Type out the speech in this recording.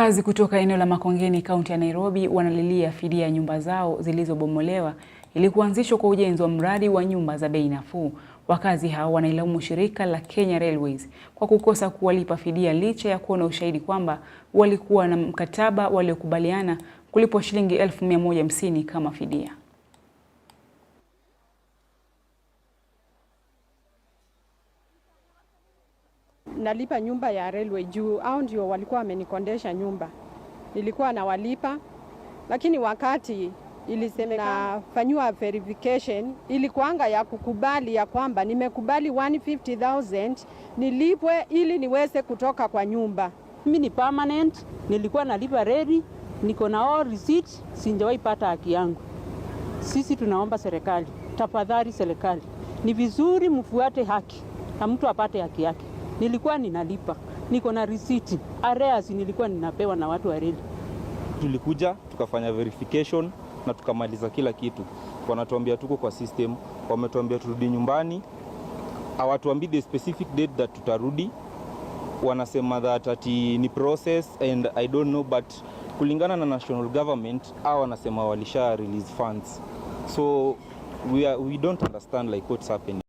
Wakazi kutoka eneo la Makongeni kaunti ya Nairobi wanalilia fidia nyumba zao zilizobomolewa ili kuanzishwa kwa ujenzi wa mradi wa nyumba za bei nafuu. Wakazi hao wanailaumu shirika la Kenya Railways kwa kukosa kuwalipa fidia licha ya kuona ushahidi kwamba walikuwa na mkataba waliokubaliana kulipwa shilingi elfu mia moja hamsini kama fidia. nalipa nyumba ya railway juu au ndio walikuwa wamenikondesha nyumba, nilikuwa nawalipa, lakini wakati ilisemekana fanyiwa verification ilikuanga ya kukubali ya kwamba nimekubali 150,000 nilipwe ili niweze kutoka kwa nyumba. Mimi ni permanent, nilikuwa nalipa redi, niko na all receipt, sinjawahi pata haki yangu. Sisi tunaomba serikali, tafadhali serikali, ni vizuri mfuate haki na mtu apate haki yake nilikuwa ninalipa, niko na risiti. areas nilikuwa ninapewa na watu wa reli. Tulikuja tukafanya verification na tukamaliza kila kitu. Wanatuambia tuko kwa system, wametuambia turudi nyumbani, hawatuambii the specific date that tutarudi. Wanasema that ati ni process and I don't know but kulingana na national government au wanasema walisha release funds so we, are, we don't understand like what's happening